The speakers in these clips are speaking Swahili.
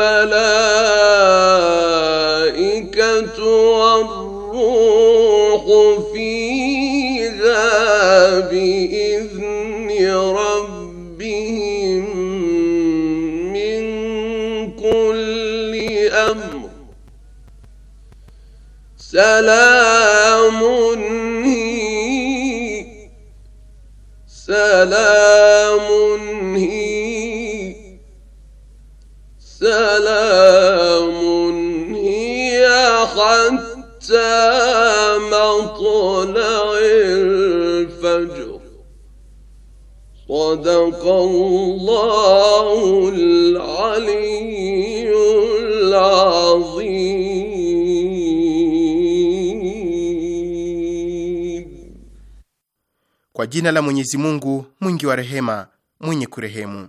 الملائكة والروح فيها بإذن ربهم من كل أمر سلام هي سلام هي سلام هي حتى مطلع الفجر صدق الله العلي العظيم Kwa jina la Mwenyezi Mungu mwingi wa rehema, mwenye kurehemu.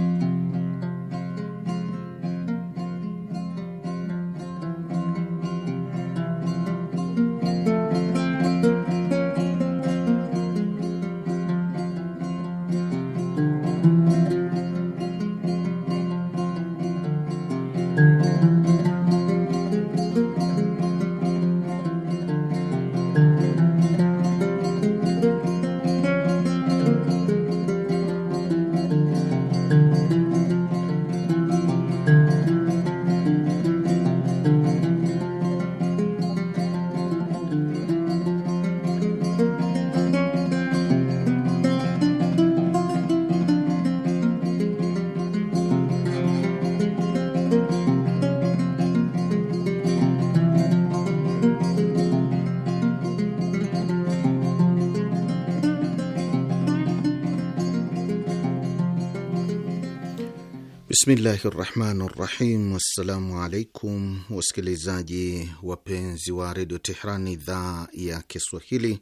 Bismillahi rahmani rahim. Wassalamu alaikum wasikilizaji wapenzi wa redio Tehran, idhaa ya Kiswahili,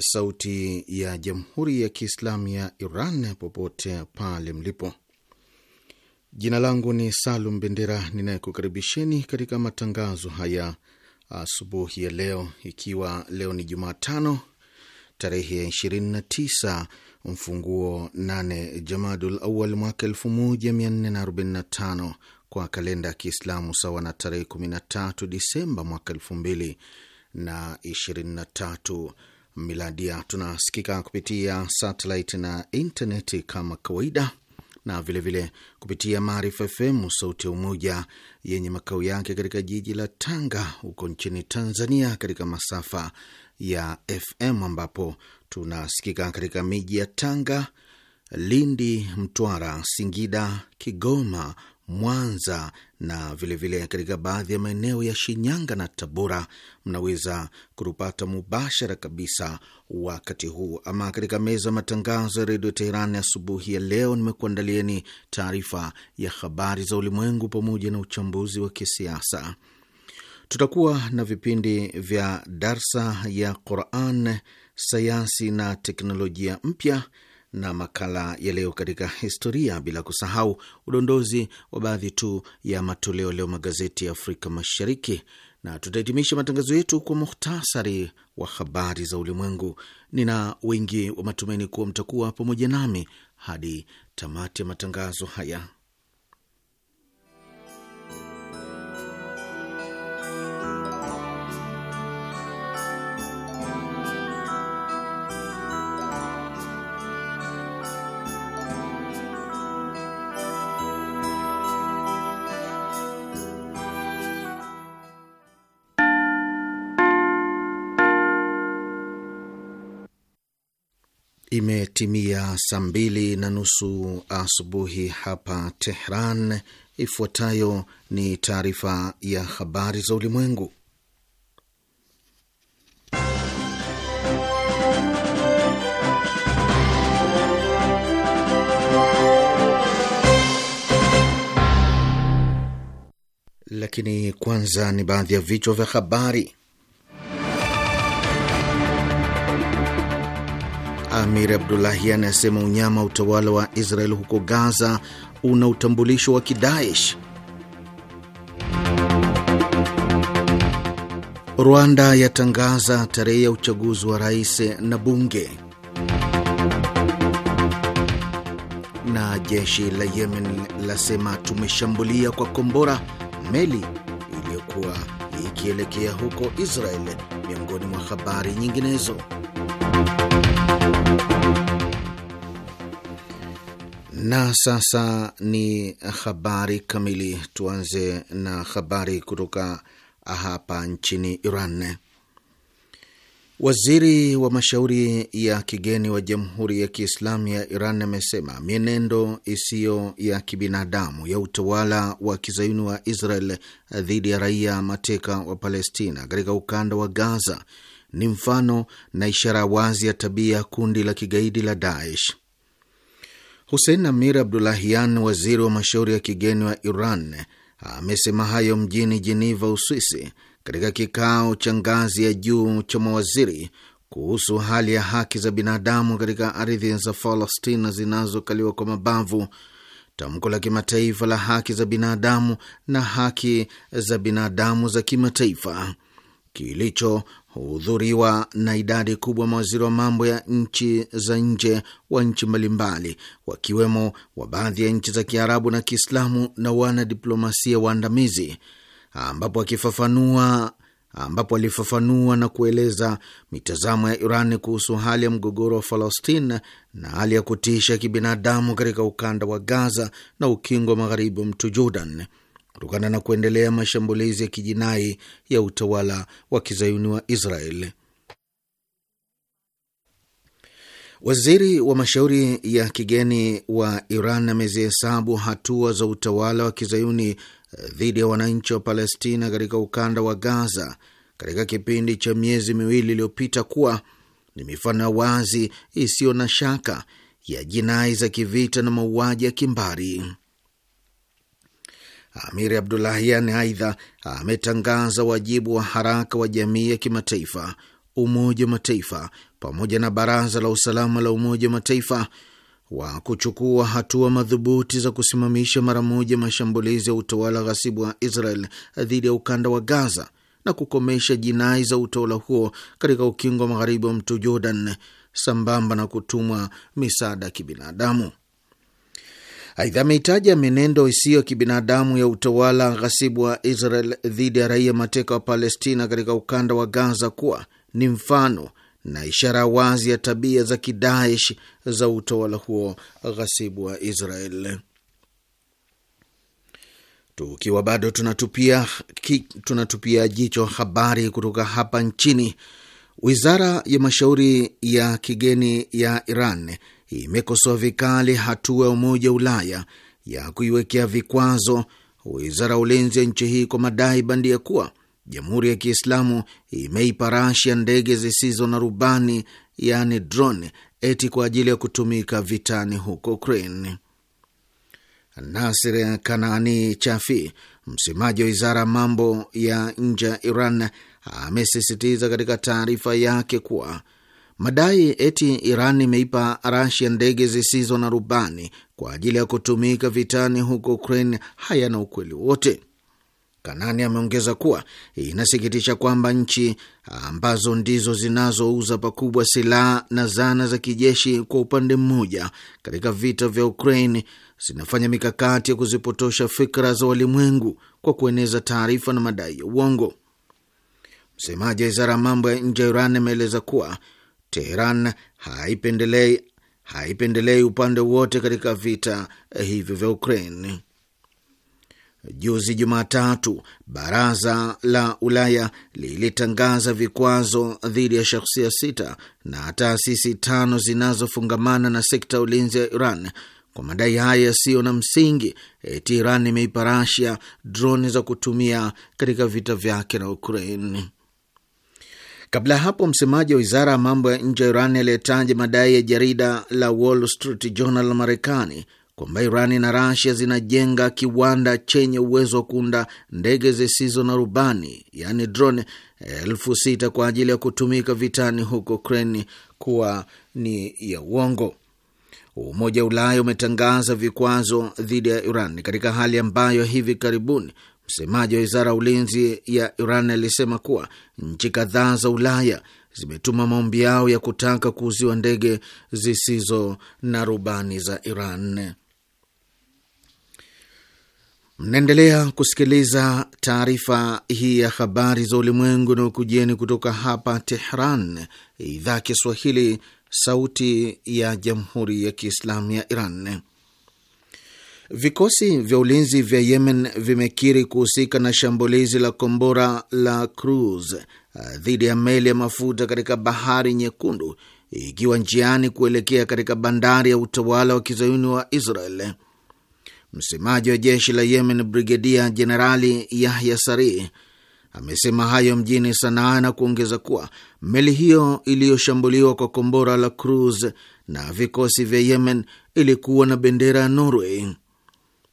sauti ya jamhuri ya kiislamu ya Iran, popote pale mlipo. Jina langu ni Salum Bendera ninayekukaribisheni katika matangazo haya asubuhi ya leo, ikiwa leo ni Jumatano tarehe ya 29 mfunguo 8 Jamadul Awal mwaka 1445 kwa kalenda ya Kiislamu, sawa na tarehe 13 Disemba mwaka 2023 miladia. Tunasikika kupitia satellite na intaneti kama kawaida na vilevile vile kupitia Maarifa FM sauti ya Umoja yenye makao yake katika jiji la Tanga huko nchini Tanzania, katika masafa ya FM ambapo tunasikika katika miji ya Tanga, Lindi, Mtwara, Singida, Kigoma, Mwanza na vilevile katika baadhi ya maeneo ya Shinyanga na Tabora. Mnaweza kutupata mubashara kabisa wakati huu. Ama katika meza ya matangazo ya redio Teheran asubuhi ya leo, nimekuandalieni taarifa ya habari za ulimwengu pamoja na uchambuzi wa kisiasa Tutakuwa na vipindi vya darsa ya Quran, sayansi na teknolojia mpya na makala ya leo katika historia, bila kusahau udondozi wa baadhi tu ya matoleo leo magazeti ya Afrika Mashariki, na tutahitimisha matangazo yetu kwa muhtasari wa habari za ulimwengu. Nina wingi wa matumaini kuwa mtakuwa pamoja nami hadi tamati ya matangazo haya. Imetimia saa mbili na nusu asubuhi hapa Tehran. Ifuatayo ni taarifa ya habari za ulimwengu, lakini kwanza ni baadhi ya vichwa vya habari. Amir abdulahi anayesema unyama utawala wa Israel huko Gaza una utambulisho wa Kidaesh. Rwanda yatangaza tarehe ya uchaguzi wa rais na bunge. Na jeshi la Yemen lasema tumeshambulia kwa kombora meli iliyokuwa ikielekea huko Israel, miongoni mwa habari nyinginezo. Na sasa ni habari kamili. Tuanze na habari kutoka hapa nchini Iran. Waziri wa mashauri ya kigeni wa Jamhuri ya Kiislamu ya Iran amesema mienendo isiyo ya kibinadamu ya utawala wa kizayuni wa Israel dhidi ya raia mateka wa Palestina katika ukanda wa Gaza ni mfano na ishara wazi ya tabia ya kundi la kigaidi la Daesh. Husein Amir Abdulahian, waziri wa mashauri ya kigeni wa Iran, amesema hayo mjini Jeneva, Uswisi, katika kikao cha ngazi ya juu cha mawaziri kuhusu hali ya haki za binadamu katika ardhi za falastina zinazokaliwa kwa mabavu, tamko la kimataifa la haki za binadamu na haki za binadamu za kimataifa kilicho huhudhuriwa na idadi kubwa mawaziri wa mambo ya nchi za nje wa nchi mbalimbali wakiwemo wa baadhi ya nchi za Kiarabu na Kiislamu na wanadiplomasia waandamizi, ambapo akifafanua ambapo alifafanua na kueleza mitazamo ya Iran kuhusu hali ya mgogoro wa Palestina na hali ya kutisha kibinadamu katika ukanda wa Gaza na ukingo wa magharibi mto Jordan kutokana na kuendelea mashambulizi ya kijinai ya utawala wa kizayuni wa Israel. Waziri wa mashauri ya kigeni wa Iran amezihesabu hatua za utawala wa kizayuni eh, dhidi ya wananchi wa Palestina katika ukanda wa Gaza katika kipindi cha miezi miwili iliyopita kuwa ni mifano ya wazi isiyo na shaka ya jinai za kivita na mauaji ya kimbari. Amiri Abdulahian aidha ametangaza wajibu wa haraka wa jamii ya kimataifa, Umoja wa Mataifa pamoja na Baraza la Usalama la Umoja wa Mataifa wa kuchukua hatua madhubuti za kusimamisha mara moja mashambulizi ya utawala ghasibu wa Israel dhidi ya ukanda wa Gaza na kukomesha jinai za utawala huo katika ukingo wa magharibi wa mto Jordan, sambamba na kutumwa misaada ya kibinadamu. Aidha, ameitaja menendo isiyo kibinadamu ya utawala ghasibu wa Israel dhidi ya raia mateka wa Palestina katika ukanda wa Gaza kuwa ni mfano na ishara wazi ya tabia za kidaesh za utawala huo ghasibu wa Israel. Tukiwa bado tunatupia, ki, tunatupia jicho habari kutoka hapa nchini, wizara ya mashauri ya kigeni ya Iran imekosoa vikali hatua ya Umoja wa Ulaya ya kuiwekea vikwazo wizara ya ulinzi ya nchi hii kwa madai bandia kuwa Jamhuri ya Kiislamu imeipa Rasia ndege zisizo na rubani, yaani drone, eti kwa ajili ya kutumika vitani huko Ukraine. Nasir Kanaani Chafi, msemaji wa wizara ya mambo ya nje ya Iran, amesisitiza katika taarifa yake kuwa Madai eti Iran imeipa Rasia ndege zisizo na rubani kwa ajili ya kutumika vitani huko Ukraine hayana ukweli wote. Kanani ameongeza kuwa inasikitisha kwamba nchi ambazo ndizo zinazouza pakubwa silaha na zana za kijeshi kwa upande mmoja katika vita vya Ukraine zinafanya mikakati ya kuzipotosha fikra za walimwengu kwa kueneza taarifa na madai ya uongo. Msemaji wa wizara ya mambo ya nje ya Iran ameeleza kuwa Teheran haipendelei haipendelei upande wote katika vita hivyo vya Ukraine. Juzi Jumatatu, baraza la Ulaya lilitangaza vikwazo dhidi ya shakhsia sita na taasisi tano zinazofungamana na sekta ya ulinzi ya Iran kwa madai haya yasiyo na msingi eti Iran imeipa Rasia droni za kutumia katika vita vyake na Ukraine. Kabla ya hapo, msemaji wa wizara ya mambo ya nje ya Iran aliyetaja madai ya jarida la Wall Street Journal la Marekani kwamba iran na Rasia zinajenga kiwanda chenye uwezo wa kuunda ndege zisizo na rubani yaani drone elfu sita kwa ajili ya kutumika vitani huko Ukraine kuwa ni ya uongo. Umoja wa Ulaya umetangaza vikwazo dhidi ya Iran katika hali ambayo hivi karibuni Msemaji wa wizara ya ulinzi ya Iran alisema kuwa nchi kadhaa za Ulaya zimetuma maombi yao ya kutaka kuuziwa ndege zisizo na rubani za Iran. Mnaendelea kusikiliza taarifa hii ya habari za ulimwengu na ukujieni kutoka hapa Tehran, idhaa Kiswahili, sauti ya jamhuri ya kiislamu ya Iran. Vikosi vya ulinzi vya Yemen vimekiri kuhusika na shambulizi la kombora la cruise ah, dhidi ya meli ya mafuta katika Bahari Nyekundu ikiwa njiani kuelekea katika bandari ya utawala wa kizayuni wa Israel. Msemaji wa jeshi la Yemen, Brigedia Jenerali Yahya Sari amesema hayo mjini Sanaa na kuongeza kuwa meli hiyo iliyoshambuliwa kwa kombora la cruise na vikosi vya Yemen ilikuwa na bendera ya Norway.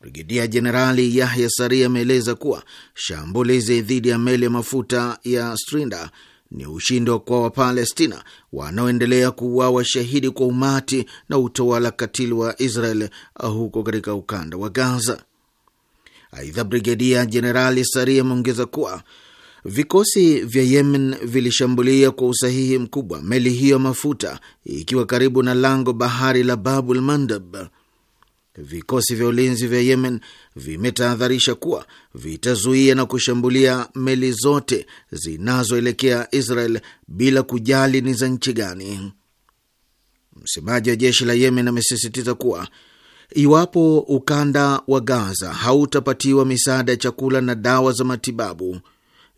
Brigedia Jenerali Yahya Sari ameeleza kuwa shambulizi dhidi ya meli ya mafuta ya Strinda ni ushindi kwa Wapalestina wanaoendelea kuuawa shahidi kwa umati na utawala katili wa Israel uh, huko katika ukanda wa Gaza. Aidha, Brigedia Jenerali Sari ameongeza kuwa vikosi vya Yemen vilishambulia kwa usahihi mkubwa meli hiyo ya mafuta ikiwa karibu na lango bahari la Babul Mandab. Vikosi vya ulinzi vya Yemen vimetahadharisha kuwa vitazuia na kushambulia meli zote zinazoelekea Israel bila kujali ni za nchi gani. Msemaji wa jeshi la Yemen amesisitiza kuwa iwapo ukanda wa Gaza hautapatiwa misaada ya chakula na dawa za matibabu,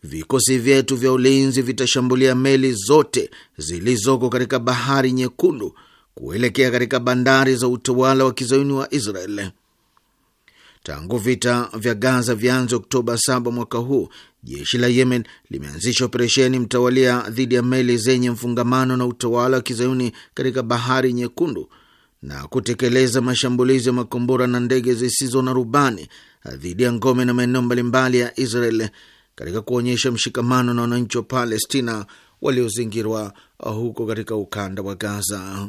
vikosi vyetu vya ulinzi vitashambulia meli zote zilizoko katika Bahari Nyekundu kuelekea katika bandari za utawala wa kizayuni wa Israel. Tangu vita vya Gaza vianze Oktoba 7 mwaka huu, jeshi la Yemen limeanzisha operesheni mtawalia dhidi ya meli zenye mfungamano na utawala wa kizayuni katika Bahari Nyekundu na kutekeleza mashambulizi ya makombora na ndege zisizo na rubani dhidi ya ngome na maeneo mbalimbali ya Israel katika kuonyesha mshikamano na wananchi wa Palestina waliozingirwa huko katika ukanda wa Gaza.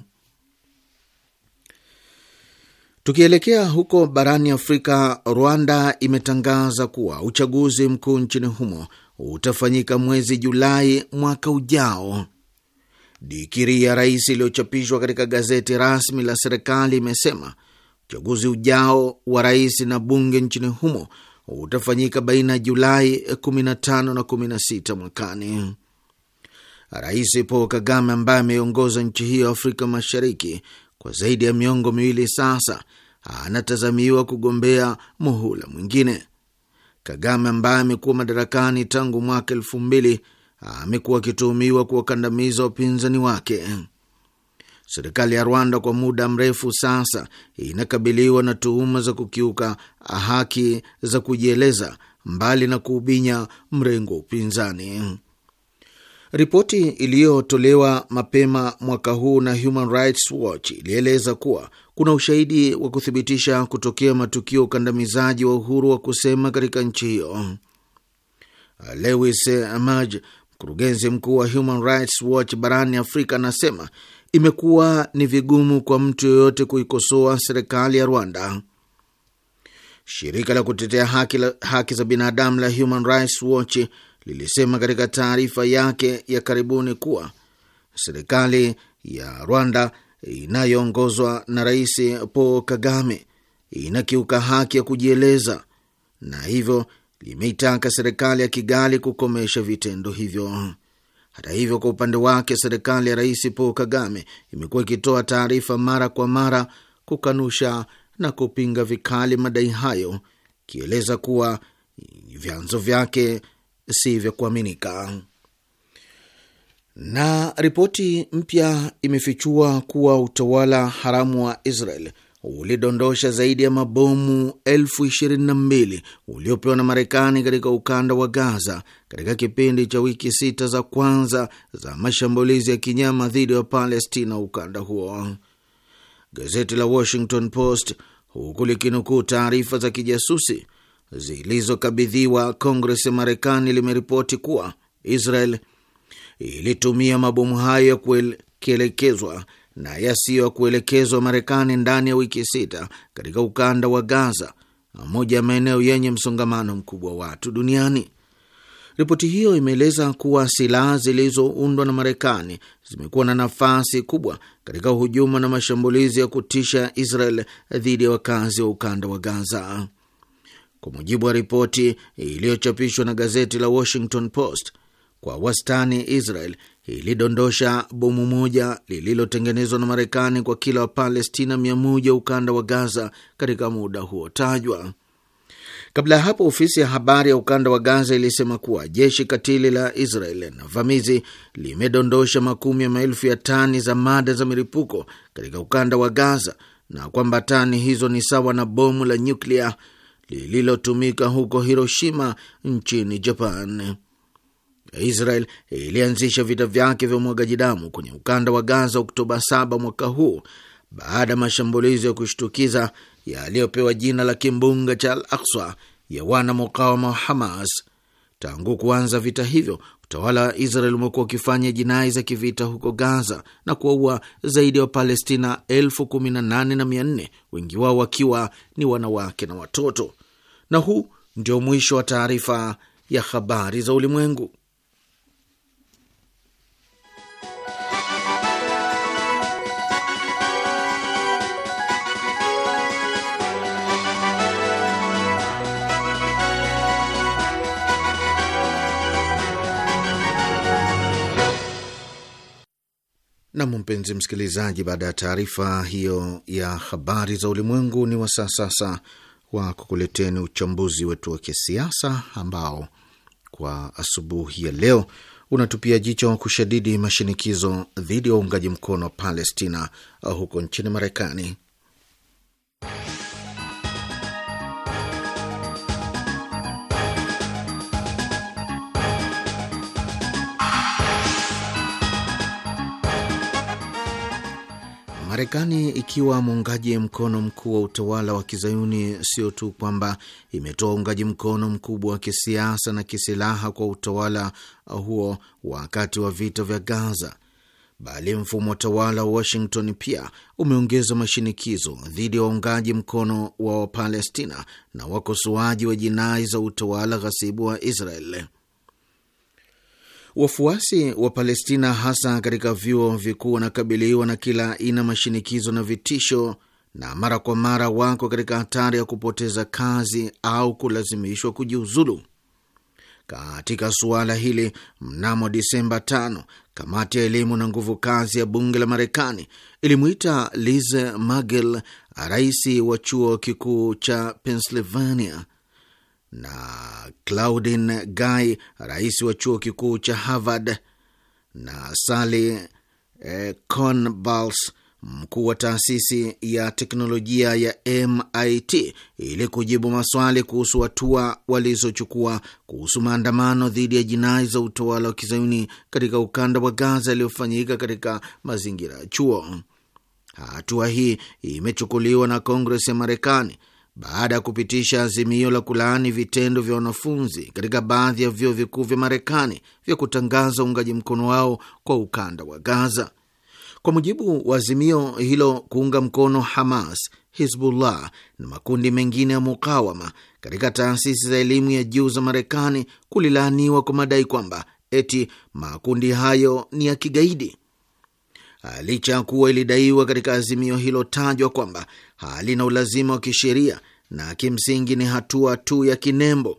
Tukielekea huko barani Afrika, Rwanda imetangaza kuwa uchaguzi mkuu nchini humo utafanyika mwezi Julai mwaka ujao. Dikiri ya rais iliyochapishwa katika gazeti rasmi la serikali imesema uchaguzi ujao wa rais na bunge nchini humo utafanyika baina ya Julai 15 na 16 mwakani. Rais Paul Kagame ambaye ameongoza nchi hiyo Afrika Mashariki kwa zaidi ya miongo miwili sasa anatazamiwa kugombea muhula mwingine. Kagame ambaye amekuwa madarakani tangu mwaka elfu mbili amekuwa akituhumiwa kuwakandamiza wapinzani wake. Serikali ya Rwanda kwa muda mrefu sasa inakabiliwa na tuhuma za kukiuka haki za kujieleza, mbali na kuubinya mrengo wa upinzani. Ripoti iliyotolewa mapema mwaka huu na Human Rights Watch ilieleza kuwa kuna ushahidi wa kuthibitisha kutokea matukio ukandamizaji wa uhuru wa kusema katika nchi hiyo. Lewis Amaj, mkurugenzi mkuu wa Human Rights Watch barani Afrika, anasema imekuwa ni vigumu kwa mtu yoyote kuikosoa serikali ya Rwanda. Shirika la kutetea haki, la, haki za binadamu la Human Rights Watch lilisema katika taarifa yake ya karibuni kuwa serikali ya Rwanda inayoongozwa na Rais Paul Kagame inakiuka haki ya kujieleza na hivyo limeitaka serikali ya Kigali kukomesha vitendo hivyo. Hata hivyo, kwa upande wake, serikali ya Rais Paul Kagame imekuwa ikitoa taarifa mara kwa mara kukanusha na kupinga vikali madai hayo, ikieleza kuwa vyanzo vyake si vya kuaminika. Na ripoti mpya imefichua kuwa utawala haramu wa Israel ulidondosha zaidi ya mabomu elfu ishirini na mbili uliopewa na Marekani katika ukanda wa Gaza katika kipindi cha wiki sita za kwanza za mashambulizi ya kinyama dhidi ya Palestina ukanda huo. Gazeti la Washington Post, huku likinukuu taarifa za kijasusi zilizokabidhiwa Kongres ya Marekani, limeripoti kuwa Israel ilitumia mabomu hayo ya kuelekezwa na yasiyo ya kuelekezwa Marekani ndani ya wiki sita katika ukanda wa Gaza, moja ya maeneo yenye msongamano mkubwa wa watu duniani. Ripoti hiyo imeeleza kuwa silaha zilizoundwa na Marekani zimekuwa na nafasi kubwa katika hujuma na mashambulizi ya kutisha Israel dhidi ya wakazi wa ukanda wa Gaza. Kwa mujibu wa ripoti iliyochapishwa na gazeti la Washington Post, kwa wastani, Israel ilidondosha bomu moja lililotengenezwa na Marekani kwa kila Wapalestina mia moja ukanda wa Gaza katika muda huo tajwa. Kabla ya hapo, ofisi ya habari ya ukanda wa Gaza ilisema kuwa jeshi katili la Israel na vamizi limedondosha makumi ya maelfu ya tani za mada za milipuko katika ukanda wa Gaza na kwamba tani hizo ni sawa na bomu la nyuklia lililotumika huko Hiroshima nchini Japan. Israel ilianzisha vita vyake vya umwagaji damu kwenye ukanda wa Gaza Oktoba 7 mwaka huu baada ya mashambulizi ya kushtukiza yaliyopewa jina la kimbunga cha Al akswa ya wana mukawama wa Hamas. Tangu kuanza vita hivyo, utawala wa Israel umekuwa ukifanya jinai za kivita huko Gaza na kuwaua zaidi ya Wapalestina elfu kumi na nane na mia nne, wengi wao wakiwa ni wanawake na watoto. Na huu ndio mwisho wa taarifa ya habari za ulimwengu. Nam, mpenzi msikilizaji, baada ya taarifa hiyo ya habari za ulimwengu, ni wasaa sasa wa kukuleteni uchambuzi wetu wa kisiasa ambao kwa asubuhi ya leo unatupia jicho kushadidi mashinikizo dhidi ya uungaji mkono wa Palestina huko nchini Marekani. Marekani ikiwa muungaji mkono mkuu wa utawala wa kizayuni, sio tu kwamba imetoa uungaji mkono mkubwa wa kisiasa na kisilaha kwa utawala huo wakati wa vita vya Gaza, bali mfumo wa utawala wa Washington pia umeongeza mashinikizo dhidi ya waungaji mkono wa Wapalestina na wakosoaji wa jinai za utawala ghasibu wa Israel. Wafuasi wa Palestina, hasa katika vyuo vikuu, wanakabiliwa na kila aina mashinikizo na vitisho, na mara kwa mara wako katika hatari ya kupoteza kazi au kulazimishwa kujiuzulu. Katika suala hili, mnamo Disemba 5 kamati ya elimu na nguvu kazi ya bunge la Marekani ilimwita Liz Magel, rais wa chuo kikuu cha Pennsylvania na claudin Guy, rais wa chuo kikuu cha Harvard, na Sally eh, conbals mkuu wa taasisi ya teknolojia ya MIT ili kujibu maswali kuhusu hatua walizochukua kuhusu maandamano dhidi ya jinai za utawala wa kizayuni katika ukanda wa Gaza yaliyofanyika katika mazingira ya chuo. Hatua hii imechukuliwa na Kongres ya Marekani baada ya kupitisha azimio la kulaani vitendo vya wanafunzi katika baadhi ya vyuo vikuu vya Marekani vya kutangaza uungaji mkono wao kwa ukanda wa Gaza. Kwa mujibu wa azimio hilo, kuunga mkono Hamas, Hizbullah na makundi mengine ya mukawama katika taasisi za elimu ya juu za Marekani kulilaaniwa kwa madai kwamba eti makundi hayo ni ya kigaidi, licha ya kuwa ilidaiwa katika azimio hilo tajwa kwamba hali na ulazima wa kisheria na kimsingi ni hatua tu ya kinembo,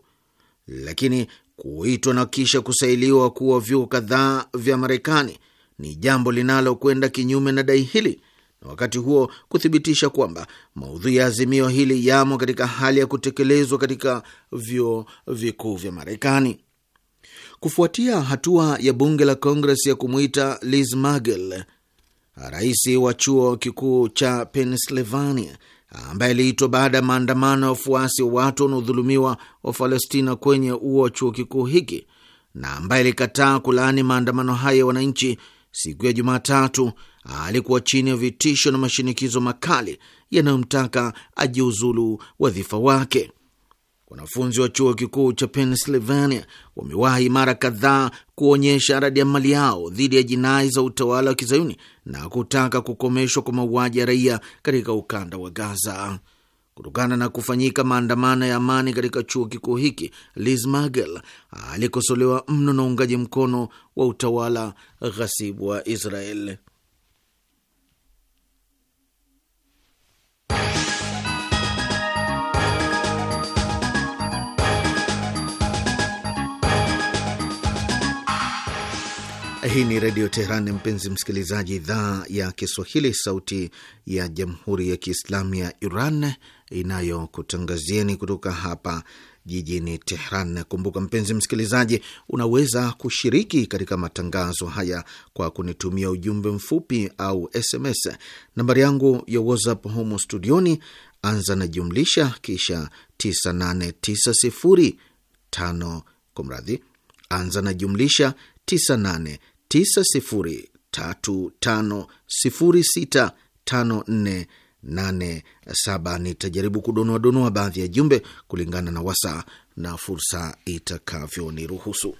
lakini kuitwa na kisha kusailiwa kuwa vyuo kadhaa vya Marekani ni jambo linalokwenda kinyume na dai hili, na wakati huo kuthibitisha kwamba maudhui ya azimio hili yamo katika hali ya kutekelezwa katika vyuo vikuu vya Marekani. Kufuatia hatua ya bunge la Kongres ya kumwita Liz Magel rais wa chuo kikuu cha Pennsylvania ambaye aliitwa baada ya maandamano ya wafuasi wa watu wanaodhulumiwa wa Palestina kwenye uo wa chuo kikuu hiki na ambaye alikataa kulaani maandamano hayo ya wananchi siku ya Jumatatu alikuwa chini ya vitisho na mashinikizo makali yanayomtaka ajiuzulu wadhifa wake. Wanafunzi wa chuo kikuu cha Pennsylvania wamewahi mara kadhaa kuonyesha ya mali yao dhidi ya jinai za utawala wa kizayuni na kutaka kukomeshwa kwa mauaji ya raia katika ukanda wa Gaza. Kutokana na kufanyika maandamano ya amani katika chuo kikuu hiki, Liz Magel alikosolewa mno na uungaji mkono wa utawala ghasibu wa Israel. Hii ni Redio Teheran, mpenzi msikilizaji, idhaa ya Kiswahili, sauti ya Jamhuri ya Kiislamu ya Iran inayokutangazieni kutoka hapa jijini Tehran. Kumbuka mpenzi msikilizaji, unaweza kushiriki katika matangazo haya kwa kunitumia ujumbe mfupi au SMS. Nambari yangu ya WhatsApp humo studioni, anza na jumlisha kisha 9895 kwa mradhi anza na jumlisha 98 9035065487. Nitajaribu donoa baadhi ya jumbe kulingana na wasaa na fursa itakavyoniruhusu.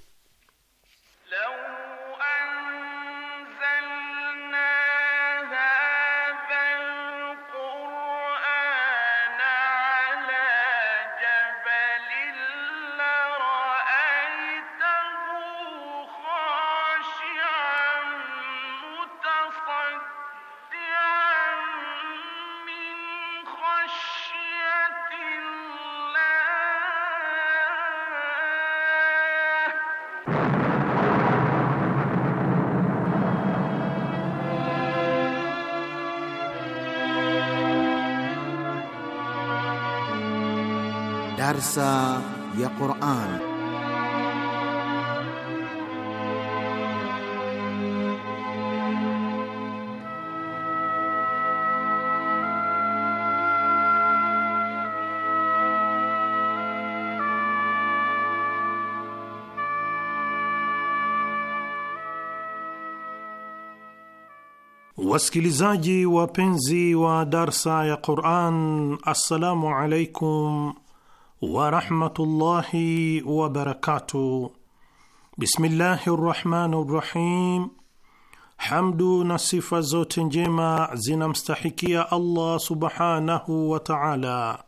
درس يا قرآن Wasikilizaji wapenzi wa darsa ya Quran, assalamu alaikum wa rahmatullahi wa barakatuh. Bismillahir Rahmanir Rahim. Hamdu na sifa zote njema zinamstahikia Allah subhanahu wa ta'ala,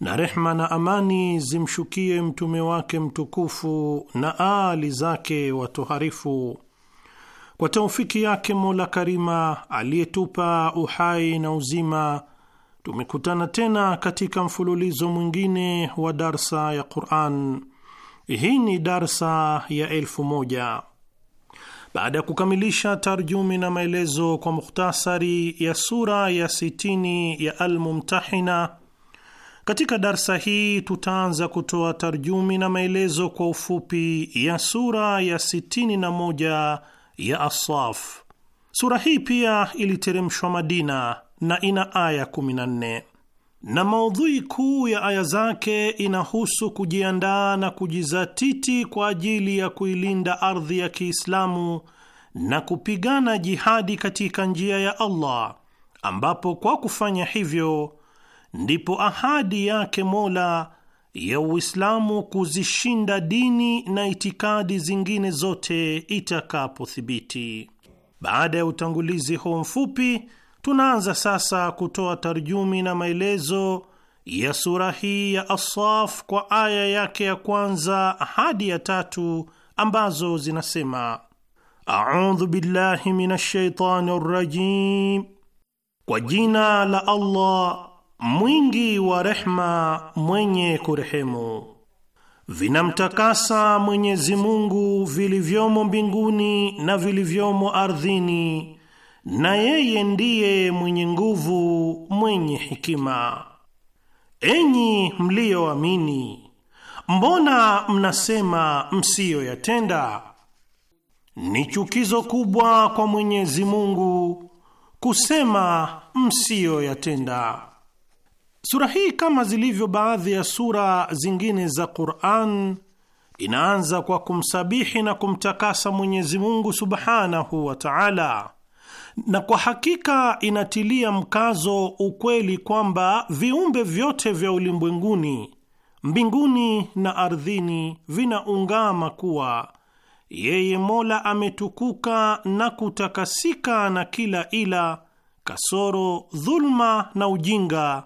na rehma na amani zimshukie mtume wake mtukufu na aali zake watoharifu. Kwa taufiki yake Mola Karima aliyetupa uhai na uzima tumekutana tena katika mfululizo mwingine wa darsa ya Quran. Hii ni darsa ya elfu moja baada ya kukamilisha tarjumi na maelezo kwa mukhtasari ya sura ya sitini ya Almumtahina. Katika darsa hii tutaanza kutoa tarjumi na maelezo kwa ufupi ya sura ya sitini na moja ya Asaf. Sura hii pia iliteremshwa Madina na ina aya 14 na maudhui kuu ya aya zake inahusu kujiandaa na kujizatiti kwa ajili ya kuilinda ardhi ya Kiislamu na kupigana jihadi katika njia ya Allah, ambapo kwa kufanya hivyo ndipo ahadi yake Mola ya Uislamu kuzishinda dini na itikadi zingine zote itakapothibiti. Baada ya utangulizi huu mfupi Tunaanza sasa kutoa tarjumi na maelezo ya sura hii ya Asaf kwa aya yake ya kwanza hadi ya tatu ambazo zinasema: audhu billahi minash rajim, kwa jina la Allah mwingi wa rehma mwenye kurehemu. Vinamtakasa Mwenyezi Mungu vilivyomo mbinguni na vilivyomo ardhini na yeye ndiye mwenye nguvu mwenye hikima. Enyi mliyoamini, mbona mnasema msiyoyatenda? Ni chukizo kubwa kwa Mwenyezi Mungu kusema msiyoyatenda. Sura hii kama zilivyo baadhi ya sura zingine za Qur'an inaanza kwa kumsabihi na kumtakasa Mwenyezi Mungu Subhanahu wa Ta'ala na kwa hakika inatilia mkazo ukweli kwamba viumbe vyote vya ulimwenguni mbinguni na ardhini vinaungama kuwa yeye Mola ametukuka na kutakasika na kila ila, kasoro, dhulma na ujinga,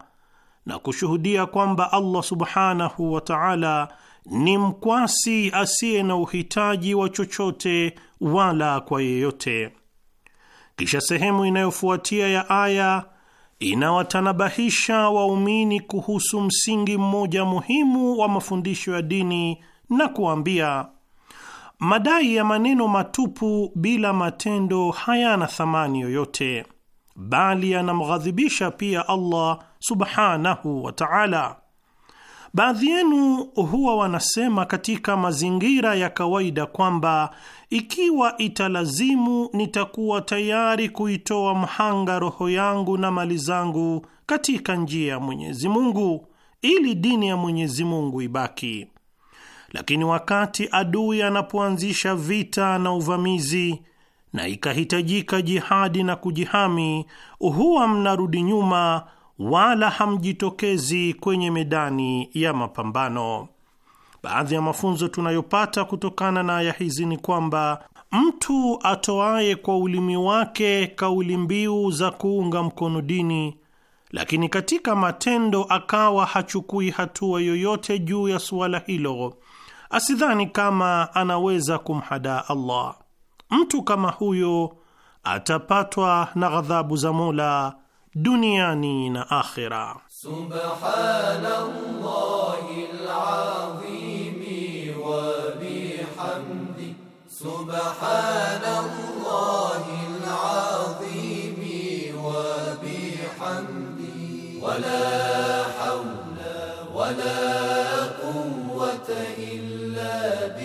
na kushuhudia kwamba Allah subhanahu wa ta'ala ni mkwasi asiye na uhitaji wa chochote wala kwa yeyote. Kisha sehemu inayofuatia ya aya inawatanabahisha waumini kuhusu msingi mmoja muhimu wa mafundisho ya dini na kuambia madai ya maneno matupu bila matendo hayana thamani yoyote, bali yanamghadhibisha pia Allah subhanahu wa ta'ala. Baadhi yenu huwa wanasema katika mazingira ya kawaida kwamba ikiwa italazimu, nitakuwa tayari kuitoa mhanga roho yangu na mali zangu katika njia ya Mwenyezi Mungu ili dini ya Mwenyezi Mungu ibaki. Lakini wakati adui anapoanzisha vita na uvamizi na ikahitajika jihadi na kujihami, huwa mnarudi nyuma wala hamjitokezi kwenye medani ya mapambano. Baadhi ya mafunzo tunayopata kutokana na aya hizi ni kwamba mtu atoaye kwa ulimi wake kauli mbiu za kuunga mkono dini, lakini katika matendo akawa hachukui hatua yoyote juu ya suala hilo, asidhani kama anaweza kumhadaa Allah. Mtu kama huyo atapatwa na ghadhabu za Mola duniani na akhera. Subhanallahi alazim wa bihamdi Subhanallahi alazim wa bihamdi wa la hawla wa la quwwata illa billah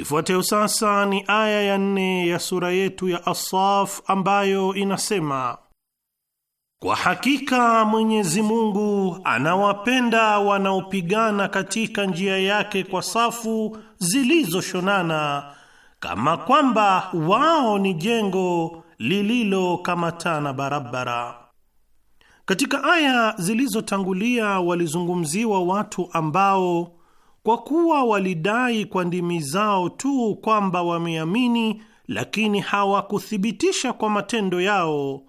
Ifuatayo sasa ni aya ya nne ya sura yetu ya Asaf ambayo inasema: kwa hakika Mwenyezi Mungu anawapenda wanaopigana katika njia yake kwa safu zilizoshonana kama kwamba wao ni jengo lililokamatana barabara. Katika aya zilizotangulia walizungumziwa watu ambao kwa kuwa walidai kwa ndimi zao tu kwamba wameamini, lakini hawakuthibitisha kwa matendo yao,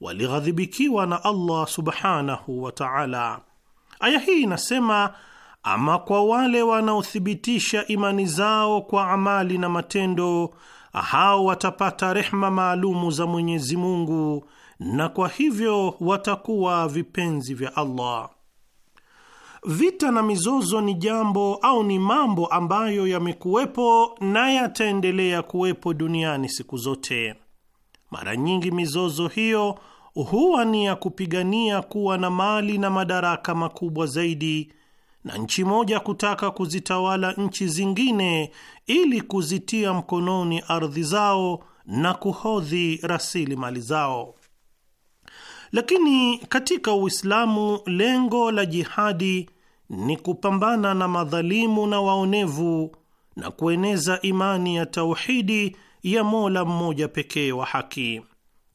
walighadhibikiwa na Allah subhanahu wa ta'ala. Aya hii inasema ama kwa wale wanaothibitisha imani zao kwa amali na matendo, hao watapata rehma maalumu za Mwenyezi Mungu, na kwa hivyo watakuwa vipenzi vya Allah. Vita na mizozo ni jambo au ni mambo ambayo yamekuwepo na yataendelea kuwepo duniani siku zote. Mara nyingi mizozo hiyo huwa ni ya kupigania kuwa na mali na madaraka makubwa zaidi, na nchi moja kutaka kuzitawala nchi zingine ili kuzitia mkononi ardhi zao na kuhodhi rasilimali zao. Lakini katika Uislamu lengo la jihadi ni kupambana na madhalimu na waonevu na kueneza imani ya tauhidi ya Mola mmoja pekee wa haki.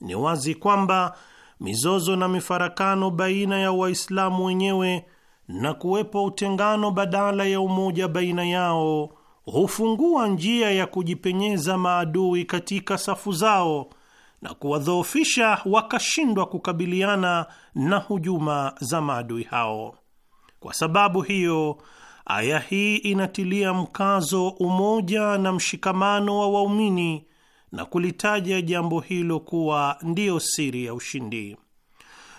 Ni wazi kwamba mizozo na mifarakano baina ya Waislamu wenyewe na kuwepo utengano badala ya umoja baina yao hufungua njia ya kujipenyeza maadui katika safu zao na kuwadhoofisha wakashindwa kukabiliana na hujuma za maadui hao. Kwa sababu hiyo, aya hii inatilia mkazo umoja na mshikamano wa waumini na kulitaja jambo hilo kuwa ndiyo siri ya ushindi.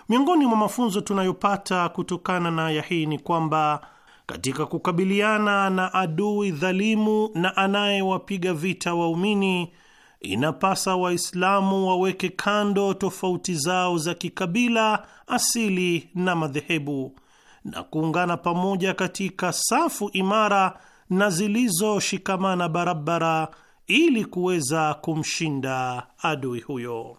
Miongoni mwa mafunzo tunayopata kutokana na aya hii ni kwamba katika kukabiliana na adui dhalimu na anayewapiga vita waumini inapasa Waislamu waweke kando tofauti zao za kikabila, asili na madhehebu na kuungana pamoja katika safu imara na zilizoshikamana barabara ili kuweza kumshinda adui huyo.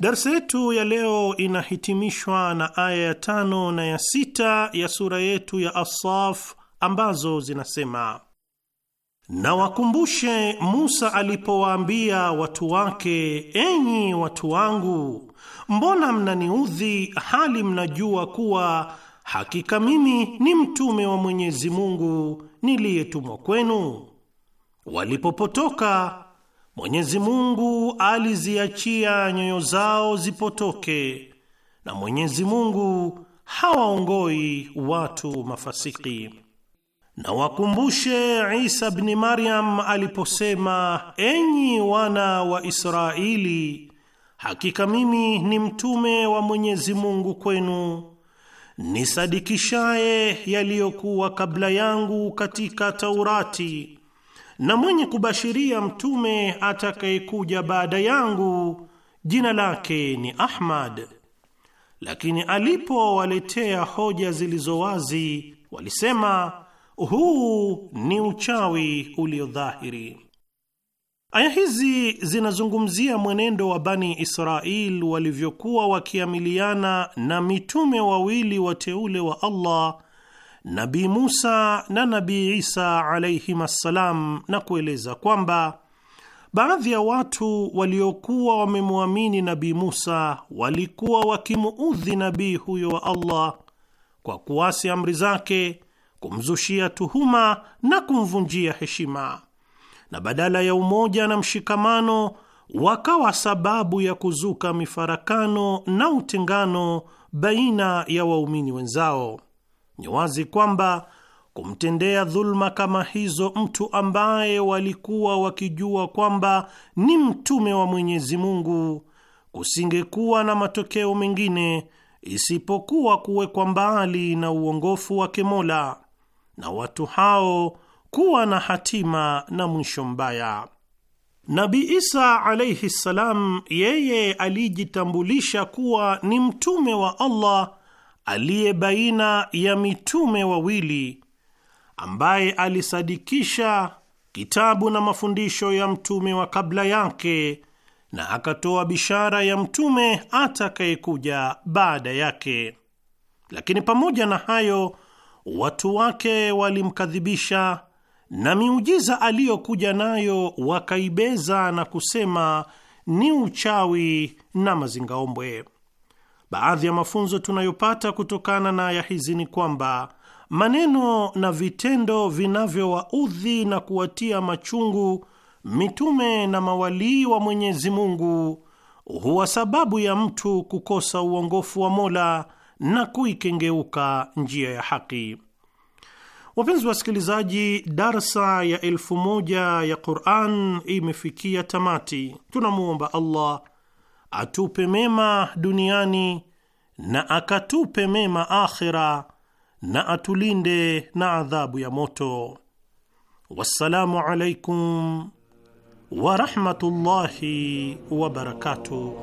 Darsa yetu ya leo inahitimishwa na aya ya tano na ya sita ya sura yetu ya Asaf ambazo zinasema: na wakumbushe Musa alipowaambia watu wake, enyi watu wangu, mbona mnaniudhi hali mnajua kuwa hakika mimi ni mtume wa Mwenyezi Mungu niliyetumwa kwenu? Walipopotoka Mwenyezi Mungu aliziachia nyoyo zao zipotoke, na Mwenyezi Mungu hawaongoi watu mafasiki. Na wakumbushe Isa bni Maryam aliposema, enyi wana wa Israeli, hakika mimi ni mtume wa Mwenyezi Mungu kwenu nisadikishaye yaliyokuwa kabla yangu katika Taurati na mwenye kubashiria mtume atakayekuja baada yangu jina lake ni Ahmad. Lakini alipowaletea hoja zilizo wazi, walisema huu ni uchawi uliodhahiri. Aya hizi zinazungumzia mwenendo wa Bani Israil walivyokuwa wakiamiliana na mitume wawili wateule wa Allah Nabii Musa na Nabii Isa alayhim assalam, na kueleza kwamba baadhi ya watu waliokuwa wamemwamini Nabii Musa walikuwa wakimuudhi nabii huyo wa Allah kwa kuasi amri zake, kumzushia tuhuma na kumvunjia heshima, na badala ya umoja na mshikamano wakawa sababu ya kuzuka mifarakano na utengano baina ya waumini wenzao. Ni wazi kwamba kumtendea dhuluma kama hizo mtu ambaye walikuwa wakijua kwamba ni mtume wa Mwenyezi Mungu kusingekuwa na matokeo mengine isipokuwa kuwekwa mbali na uongofu wa Mola na watu hao kuwa na hatima na mwisho mbaya. Nabi Isa alaihi ssalam, yeye alijitambulisha kuwa ni mtume wa Allah aliye baina ya mitume wawili ambaye alisadikisha kitabu na mafundisho ya mtume wa kabla yake na akatoa bishara ya mtume atakayekuja baada yake. Lakini pamoja na hayo, watu wake walimkadhibisha na miujiza aliyokuja nayo wakaibeza na kusema ni uchawi na mazingaombwe. Baadhi ya mafunzo tunayopata kutokana na aya hizi ni kwamba maneno na vitendo vinavyowaudhi na kuwatia machungu mitume na mawalii wa Mwenyezi Mungu huwa sababu ya mtu kukosa uongofu wa Mola na kuikengeuka njia ya haki. Wapenzi wasikilizaji, darsa ya elfu moja ya Quran imefikia tamati. Tunamwomba Allah atupe mema duniani na akatupe mema akhira na atulinde na adhabu ya moto. Wassalamu alaikum warahmatullahi wabarakatuh.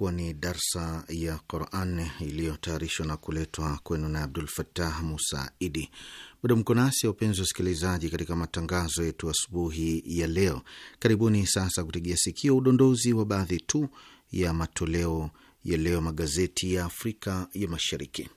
ilikuwa ni darsa ya Quran iliyotayarishwa na kuletwa kwenu na Abdul fatah Musa Idi. Bado mko nasi wapenzi wasikilizaji, katika matangazo yetu asubuhi ya leo. Karibuni sasa kutegea sikio udondozi wa baadhi tu ya matoleo ya leo magazeti ya Afrika ya Mashariki.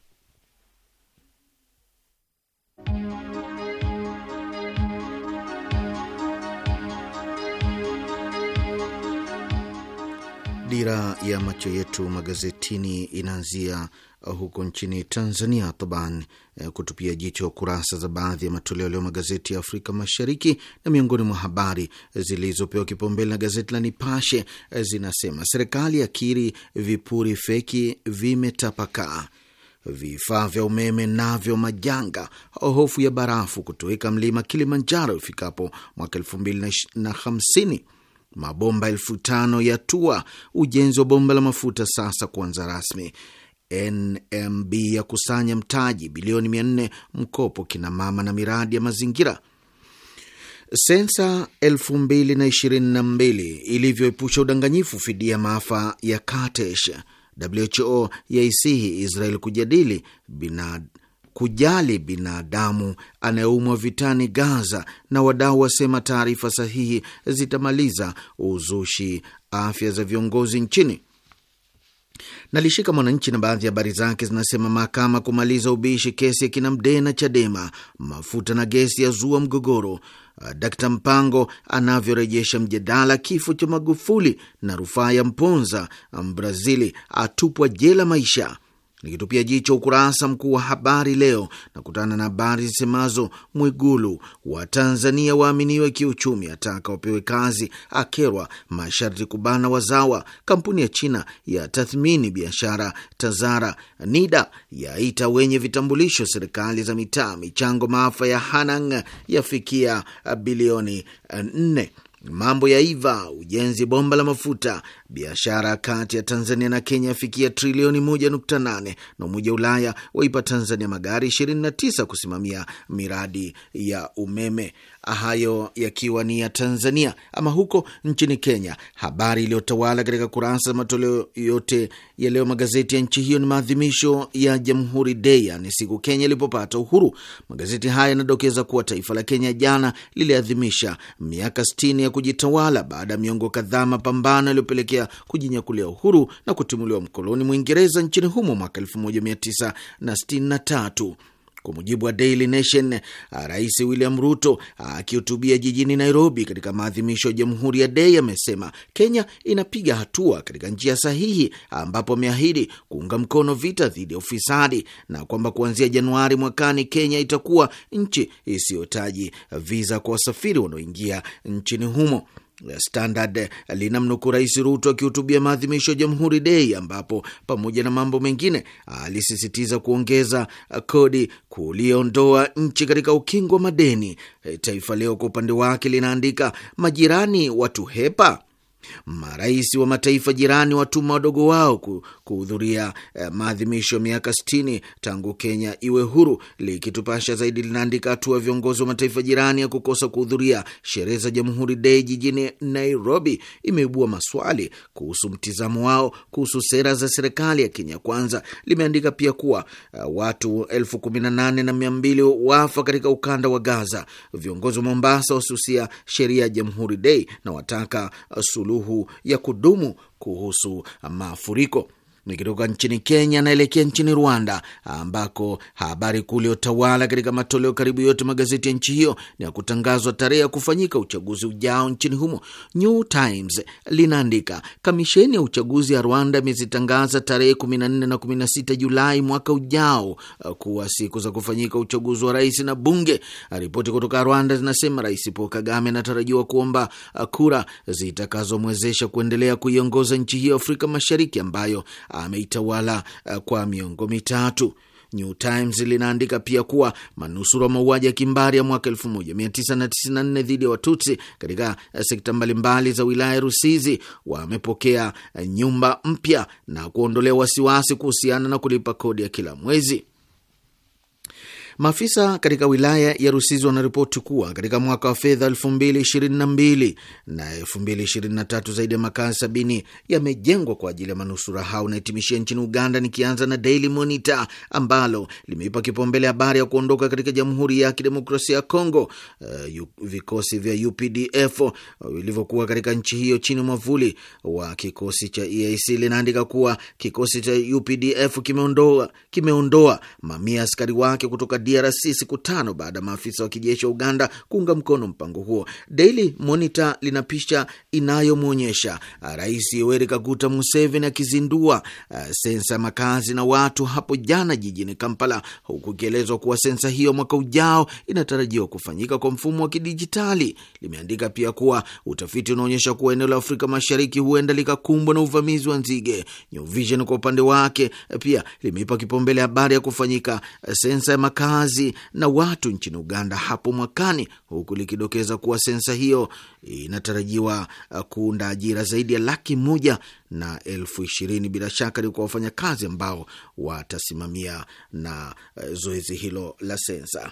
Dira ya macho yetu magazetini inaanzia uh, huko nchini Tanzania, taban uh, kutupia jicho kurasa za baadhi ya matoleo leo magazeti ya Afrika Mashariki, na miongoni mwa habari uh, zilizopewa kipaumbele na gazeti la Nipashe zinasema serikali akiri vipuri feki vimetapakaa, vifaa vya umeme navyo majanga, hofu ya barafu kutoweka mlima Kilimanjaro ifikapo mwaka elfu mbili na hamsini Mabomba elfu tano ya tua. Ujenzi wa bomba la mafuta sasa kuanza rasmi. NMB ya kusanya mtaji bilioni mia nne mkopo kinamama na miradi ya mazingira. Sensa mbili ilivyoepusha udanganyifu, fidia maafa ya Katesh. WHO yaisihi Israel kujadili binad, kujali binadamu anayeumwa vitani Gaza, na wadau wasema taarifa sahihi zitamaliza uzushi afya za viongozi nchini. Nalishika Mwananchi na baadhi ya habari zake zinasema: mahakama kumaliza ubishi kesi ya kina Mdee Chadema, mafuta na gesi ya zua mgogoro. Dkt Mpango anavyorejesha mjadala kifo cha Magufuli na rufaa ya Mponza. Mbrazili atupwa jela maisha. Nikitupia jicho ukurasa mkuu wa habari leo, nakutana na habari zisemazo Mwigulu wa Tanzania waaminiwe kiuchumi, ataka wapewe kazi, akerwa masharti kubana wazawa, kampuni ya China ya tathmini biashara Tazara, NIDA yaita wenye vitambulisho serikali za mitaa, michango maafa ya Hanang yafikia bilioni nne. Mambo ya iva, ujenzi bomba la mafuta, biashara kati ya Tanzania na Kenya yafikia trilioni 1.8 na Umoja wa Ulaya waipa Tanzania magari 29 kusimamia miradi ya umeme hayo yakiwa ni ya Tanzania. Ama huko nchini Kenya, habari iliyotawala katika kurasa za matoleo yote ya leo magazeti ya nchi hiyo ni maadhimisho ya Jamhuri Day, ni yaani siku Kenya ilipopata uhuru. Magazeti haya yanadokeza kuwa taifa la Kenya jana liliadhimisha miaka 60 ya kujitawala baada ya miongo kadhaa mapambano yaliyopelekea kujinyakulia uhuru na kutimuliwa mkoloni Mwingereza nchini humo mwaka 1963. Kwa mujibu wa Daily Nation, Rais William Ruto akihutubia jijini Nairobi katika maadhimisho ya Jamhuri ya Dei amesema Kenya inapiga hatua katika njia sahihi, ambapo ameahidi kuunga mkono vita dhidi ya ufisadi na kwamba kuanzia Januari mwakani Kenya itakuwa nchi isiyotaji viza kwa wasafiri wanaoingia nchini humo. Standard linamnukuu Rais Ruto akihutubia maadhimisho ya Jamhuri Dei, ambapo pamoja na mambo mengine alisisitiza kuongeza kodi kuliondoa nchi katika ukingo wa madeni. E, Taifa Leo kwa upande wake linaandika majirani watuhepa Marais wa mataifa jirani watuma wadogo wao kuhudhuria eh, maadhimisho ya miaka 60 tangu Kenya iwe huru. Likitupasha zaidi linaandika hatua viongozi wa mataifa jirani ya kukosa kuhudhuria sherehe za Jamhuri Dei jijini Nairobi imeibua maswali kuhusu mtizamo wao kuhusu sera za serikali ya Kenya Kwanza. Limeandika pia kuwa eh, watu elfu kumi na nane na mia mbili wafa katika ukanda wa Gaza. Viongozi wa Mombasa wasusia sheria ya Jamhuri Dei na wataka uh, suluhu ya kudumu kuhusu mafuriko. Nikitoka nchini Kenya naelekea nchini Rwanda, ambako habari kuu iliyotawala katika matoleo karibu yote magazeti ya nchi hiyo ni ya kutangazwa tarehe ya kufanyika uchaguzi ujao nchini humo. New Times linaandika kamisheni ya uchaguzi ya Rwanda imezitangaza tarehe 14 na 16 Julai mwaka ujao kuwa siku za kufanyika uchaguzi wa rais na bunge. Ripoti kutoka Rwanda zinasema Rais Paul Kagame anatarajiwa kuomba kura zitakazomwezesha kuendelea kuiongoza nchi hiyo Afrika Mashariki ambayo ameitawala eh, kwa miongo mitatu. New Times linaandika pia kuwa manusura mauaji ya kimbari ya mwaka 1994 dhidi ya Watutsi katika eh, sekta mbalimbali za wilaya ya Rusizi wamepokea eh, nyumba mpya na kuondolea wasiwasi kuhusiana na kulipa kodi ya kila mwezi. Maafisa katika wilaya ya Rusizi wanaripoti kuwa katika mwaka wa fedha 2022 na 2023 zaidi ya makazi sabini yamejengwa kwa ajili ya manusura hao. Inahitimishia nchini Uganda, nikianza na Daily Monitor ambalo limeipa kipaumbele habari ya kuondoka katika Jamhuri ya Kidemokrasia ya congo uh, vikosi vya UPDF uh, vilivyokuwa katika nchi hiyo chini mwavuli wa kikosi cha EAC. Linaandika kuwa kikosi cha UPDF kimeondoa kimeondoa mamia askari wake kutoka DRC siku tano baada ya maafisa wa kijeshi wa Uganda kuunga mkono mpango huo. Daily Monitor lina picha inayomwonyesha uh, Rais Yoweri Kaguta Museveni akizindua uh, sensa ya makazi na watu hapo jana jijini Kampala, huku ikielezwa kuwa sensa hiyo mwaka ujao inatarajiwa kufanyika kwa mfumo wa kidijitali. Limeandika pia kuwa utafiti unaonyesha kuwa eneo la Afrika Mashariki huenda likakumbwa na uvamizi wa nzige. New Vision kwa upande wake uh, pia limeipa kipaumbele habari ya kufanyika uh, sensa ya makazi wakazi na watu nchini Uganda hapo mwakani, huku likidokeza kuwa sensa hiyo inatarajiwa kuunda ajira zaidi ya laki moja na elfu ishirini. Bila shaka ni kwa wafanyakazi ambao watasimamia na eh, zoezi hilo la sensa.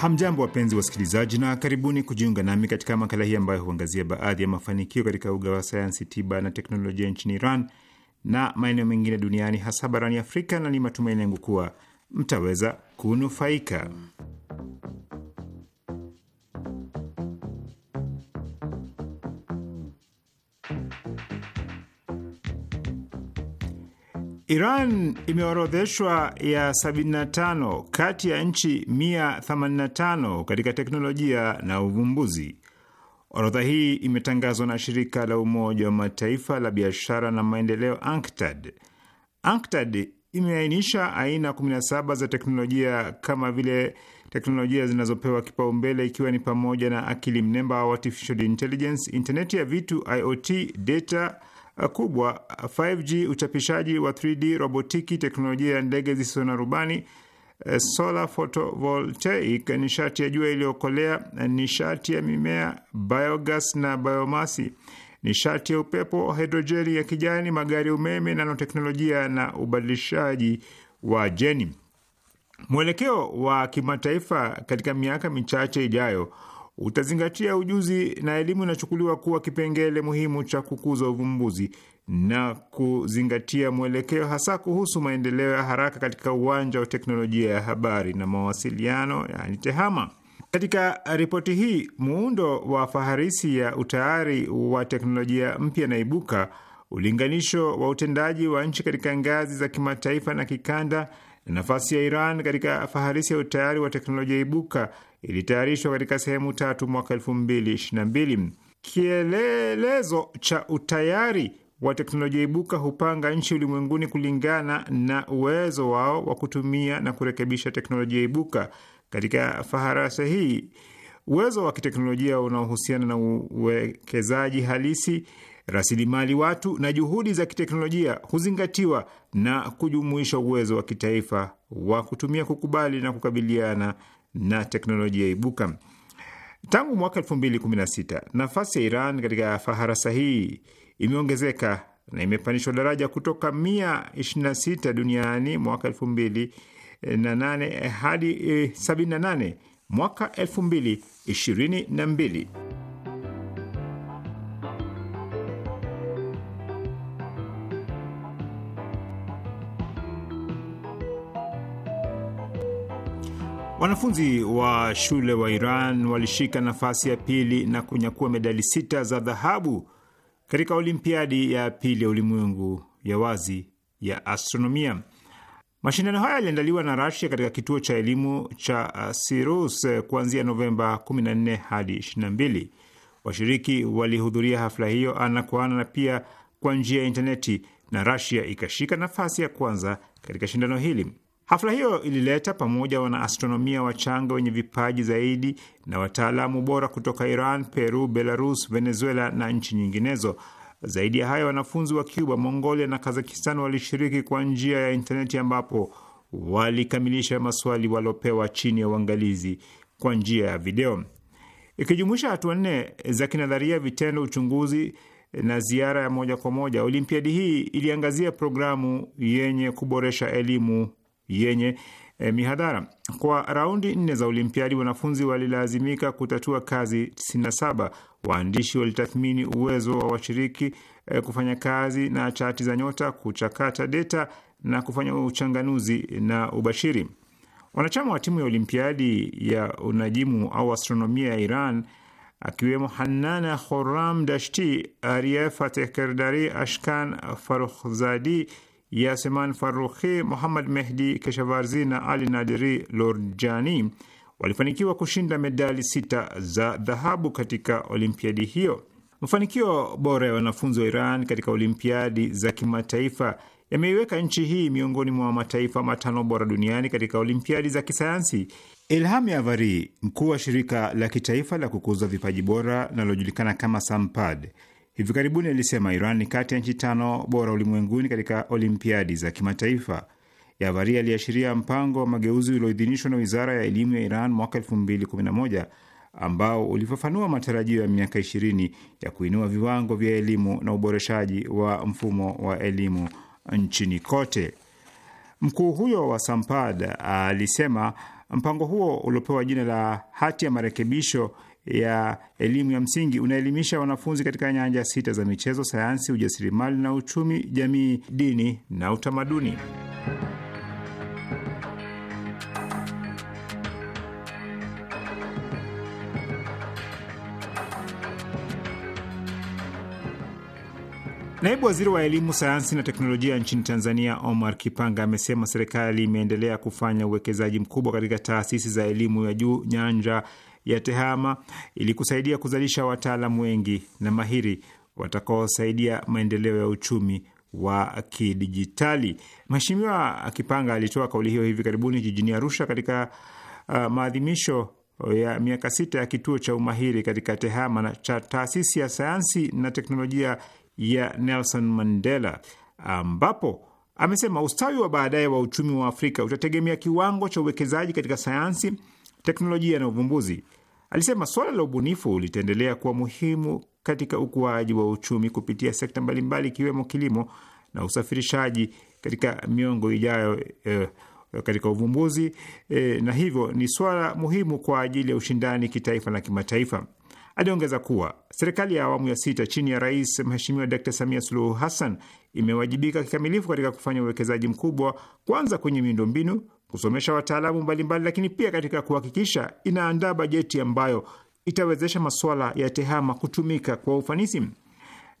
Hamjambo, wapenzi wasikilizaji, na karibuni kujiunga nami katika makala hii ambayo huangazia baadhi ya mafanikio katika uga wa sayansi tiba na teknolojia nchini Iran na maeneo mengine duniani, hasa barani Afrika, na ni matumaini yangu kuwa mtaweza kunufaika. Iran imeorodheshwa ya 75 kati ya nchi 185 katika teknolojia na uvumbuzi. Orodha hii imetangazwa na shirika la Umoja wa Mataifa la biashara na maendeleo ANKTAD. ANKTAD imeainisha aina 17 za teknolojia kama vile teknolojia zinazopewa kipaumbele ikiwa ni pamoja na akili mnemba au artificial intelligence, intaneti ya vitu IoT, data kubwa, 5G, uchapishaji wa 3D, robotiki, teknolojia ya ndege zisizo na rubani, eh, solar photovoltaic, nishati ya jua iliyokolea, nishati ya mimea, biogas na biomasi, nishati ya upepo, hidrojeni ya kijani, magari ya umeme, nanoteknolojia na ubadilishaji wa jeni. Mwelekeo wa kimataifa katika miaka michache ijayo utazingatia ujuzi na elimu inachukuliwa kuwa kipengele muhimu cha kukuza uvumbuzi na kuzingatia mwelekeo hasa kuhusu maendeleo ya haraka katika uwanja wa teknolojia ya habari na mawasiliano, yani TEHAMA. Katika ripoti hii, muundo wa faharisi ya utayari wa teknolojia mpya na ibuka ulinganisho wa utendaji wa nchi katika ngazi za kimataifa na kikanda, na nafasi ya Iran katika faharisi ya utayari wa teknolojia ibuka ilitayarishwa katika sehemu tatu mwaka mbili. Kielelezo cha utayari wa teknolojia ibuka hupanga nchi ulimwenguni kulingana na uwezo wao wa kutumia na kurekebisha teknolojia ibuka. Katika faharasa hii, uwezo wa kiteknolojia unaohusiana na uwekezaji halisi, rasilimali watu na juhudi za kiteknolojia huzingatiwa na kujumuisha uwezo wa kitaifa wa kutumia, kukubali na kukabiliana na teknolojia ibuka. Tangu mwaka sita nafasi ya Iran katika faharasa hii imeongezeka na imepandishwa daraja kutoka mia sita duniani mwaka nane hadi 78 eh, mwaka 2022. Wanafunzi wa shule wa Iran walishika nafasi ya pili na kunyakua medali sita za dhahabu katika olimpiadi ya pili ya ulimwengu ya wazi ya astronomia. Mashindano haya yaliandaliwa na Rasia katika kituo cha elimu cha uh, Sirus uh, kuanzia Novemba 14 hadi 22. Washiriki walihudhuria hafla hiyo ana kwa ana na pia kwa njia ya intaneti, na Rasia ikashika nafasi ya kwanza katika shindano hili. Hafla hiyo ilileta pamoja wanaastronomia wachanga wenye vipaji zaidi na wataalamu bora kutoka Iran, Peru, Belarus, Venezuela na nchi nyinginezo. Zaidi ya hayo, wanafunzi wa Cuba, Mongolia na Kazakistan walishiriki kwa njia ya intaneti, ambapo walikamilisha maswali waliopewa chini ya uangalizi kwa njia ya video, ikijumuisha hatua nne za kinadharia, vitendo, uchunguzi na ziara ya moja kwa moja. Olimpiadi hii iliangazia programu yenye kuboresha elimu yenye e, mihadhara. Kwa raundi nne za Olimpiadi, wanafunzi walilazimika kutatua kazi 97. Waandishi walitathmini uwezo wa washiriki e, kufanya kazi na chati za nyota, kuchakata data na kufanya uchanganuzi na ubashiri. Wanachama wa timu ya Olimpiadi ya unajimu au astronomia ya Iran akiwemo Hanana horam Dashti, Arya Fateh Kerdari, Ashkan Farukhzadi ya Seman Muhammad Mehdi Keshavarzi na Ali Nadiri Lorjani walifanikiwa kushinda medali sita za dhahabu katika olimpiadi hiyo. Mafanikio bora ya wanafunzi wa Iran katika olimpiadi za kimataifa yameiweka nchi hii miongoni mwa mataifa matano bora duniani katika olimpiadi za kisayansi. Ilham Yavari, mkuu wa shirika la kitaifa la kukuza vipaji bora linalojulikana kama SAMPAD, hivi karibuni alisema Iran ni kati ya nchi tano bora ulimwenguni katika olimpiadi za kimataifa. Yavari aliashiria mpango wa mageuzi ulioidhinishwa na wizara ya elimu ya Iran mwaka 2011 ambao ulifafanua matarajio ya miaka 20 ya kuinua viwango vya elimu na uboreshaji wa mfumo wa elimu nchini kote. Mkuu huyo wa Sampad alisema mpango huo uliopewa jina la hati ya marekebisho ya elimu ya msingi unaelimisha wanafunzi katika nyanja sita za michezo, sayansi, ujasiriamali na uchumi, jamii, dini na utamaduni. Naibu waziri wa elimu, sayansi na teknolojia nchini Tanzania, Omar Kipanga, amesema serikali imeendelea kufanya uwekezaji mkubwa katika taasisi za elimu ya juu, nyanja ya TEHAMA ili kusaidia kuzalisha wataalamu wengi na mahiri watakaosaidia maendeleo ya uchumi wa kidijitali. Mheshimiwa kipanga alitoa kauli hiyo hivi karibuni jijini Arusha katika uh, maadhimisho ya miaka sita ya kituo cha umahiri katika TEHAMA cha taasisi ya sayansi na teknolojia ya Nelson Mandela, ambapo amesema ustawi wa baadaye wa uchumi wa Afrika utategemea kiwango cha uwekezaji katika sayansi teknolojia na uvumbuzi. Alisema swala la ubunifu litaendelea kuwa muhimu katika ukuaji wa uchumi kupitia sekta mbalimbali ikiwemo kilimo na usafirishaji katika miongo ijayo eh, katika uvumbuzi eh, na hivyo ni swala muhimu kwa ajili ya ushindani kitaifa na kimataifa. Aliongeza kuwa serikali ya awamu ya sita chini ya Rais Mheshimiwa Dkt. Samia Suluhu Hassan imewajibika kikamilifu katika kufanya uwekezaji mkubwa kwanza kwenye miundombinu, kusomesha wataalamu mbalimbali, lakini pia katika kuhakikisha inaandaa bajeti ambayo itawezesha masuala ya tehama kutumika kwa ufanisi.